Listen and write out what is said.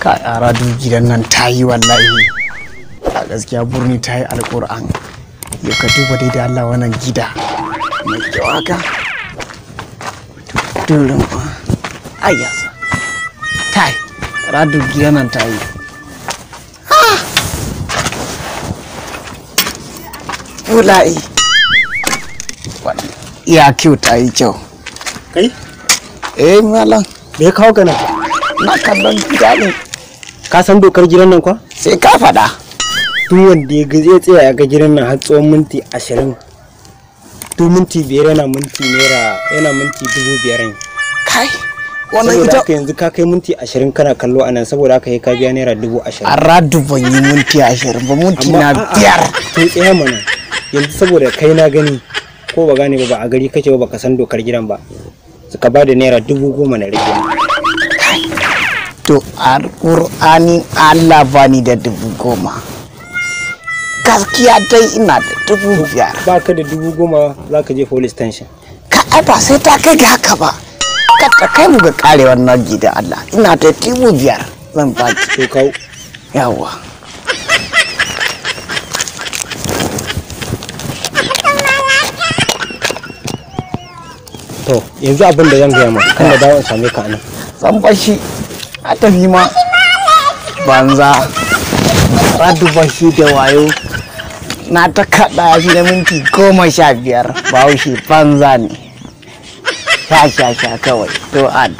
ka yara duk gidan nan ta yi wallahi a gaskiya burni ta yi alƙur'an ya ka duba dai da Allah wannan gida mai kyau haka durin ai yasa ta yi yara duk gidan nan ta yi Wallahi. Ya kyau ta yi kyau. Kai? Eh, malam. Me ya kawo ka na kallon gida ne. ka san dokar gidan nan kwa sai ka faɗa duk wanda ya gaje tsaya ya ga gidan nan har tsawon minti ashirin duk minti biyar yana minti naira yana minti dubu biyar kai wannan ita saboda yanzu ka kai minti ashirin kana kallo anan saboda haka ka biya naira dubu ashirin a radu ban yi minti ashirin ba minti na biyar to tsaya mana yanzu saboda kai na gani ko ba gane ba ba a gari kake ba baka san dokar gidan ba suka ba da naira dubu goma na rage to alƙur'anin allah ba ni da dubu goma gaskiya dai ina da dubu biyar ba ka da dubu goma za ka je police station ka ai ba sai ta kai da haka ba ka ta kai mu ga kare wannan da allah ina da dubu biyar zan ba ki to kawo yawa to yanzu abin da gaya ma kan da dawon same ka anan zan bashi a tafi ma banza radu bashi da wayo na ta kaɗa ya da minti goma sha biyar bahaushe banza ne sha sha sha kawai to adda